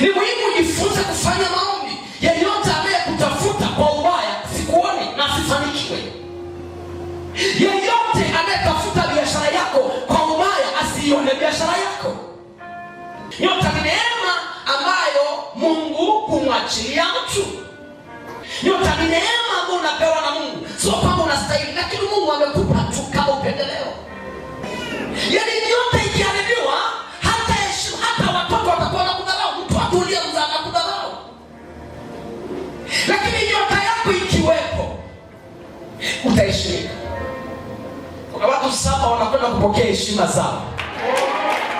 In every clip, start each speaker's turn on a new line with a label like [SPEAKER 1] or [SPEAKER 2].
[SPEAKER 1] Ni muhimu ujifunze kufanya maombi. Yeyote kutafuta kwa ubaya, sikuoni na sifanikiwe Yeyote anayetafuta biashara yako kwa ubaya, asiione biashara yako. Nyota ni neema ambayo Mungu kumwachilia mtu. Nyota ni neema ambayo unapewa na Mungu. lakini nyota yako ikiwepo utaheshimika. Kuna watu saba wanakwenda kupokea heshima zao.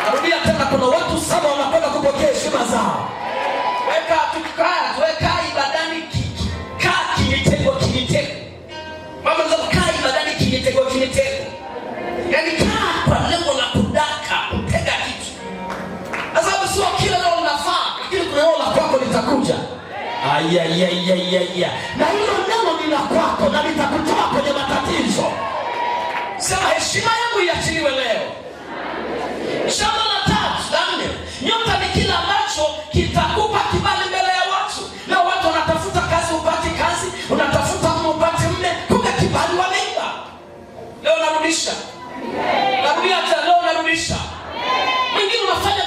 [SPEAKER 1] Narudia tena, kuna watu saba wanakwenda kupokea heshima zao. Weka tukikaa tuweka ibadani kikaa kimitego kimitego, mama zangu kaa ibadani kimitego kimitego Ayayayayaya, na hilo neno ni la kwako na litakutoa kwenye matatizo. Sema heshima yangu iachiliwe leo. Shamba la tatu la nne, nyota ni kila macho kitakupa kibali mbele ya watu. Na watu wanatafuta kazi, upati kazi, unatafuta mume, upate mume, kumbe kibali wameiba. Leo narudisha, narudia tena, leo narudisha. Mwingine unafanya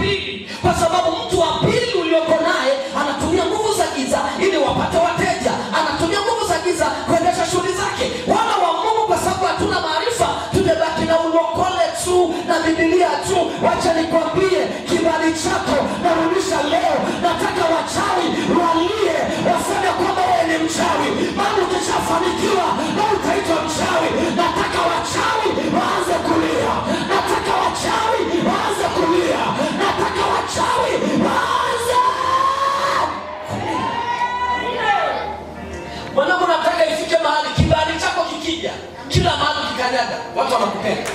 [SPEAKER 1] pili, kwa sababu mtu wa pili ulioko naye anatumia nguvu za giza ili wapate wateja, anatumia nguvu za giza kuendesha shughuli zake. Wana wa Mungu, kwa sababu hatuna maarifa, tumebaki na ulokole tu na bibilia tu. Wacha nikwambie, kibali chako narudisha leo. Nataka wachawi walie, waseme kwamba wewe ni mchawi, maana ukishafanikiwa 네.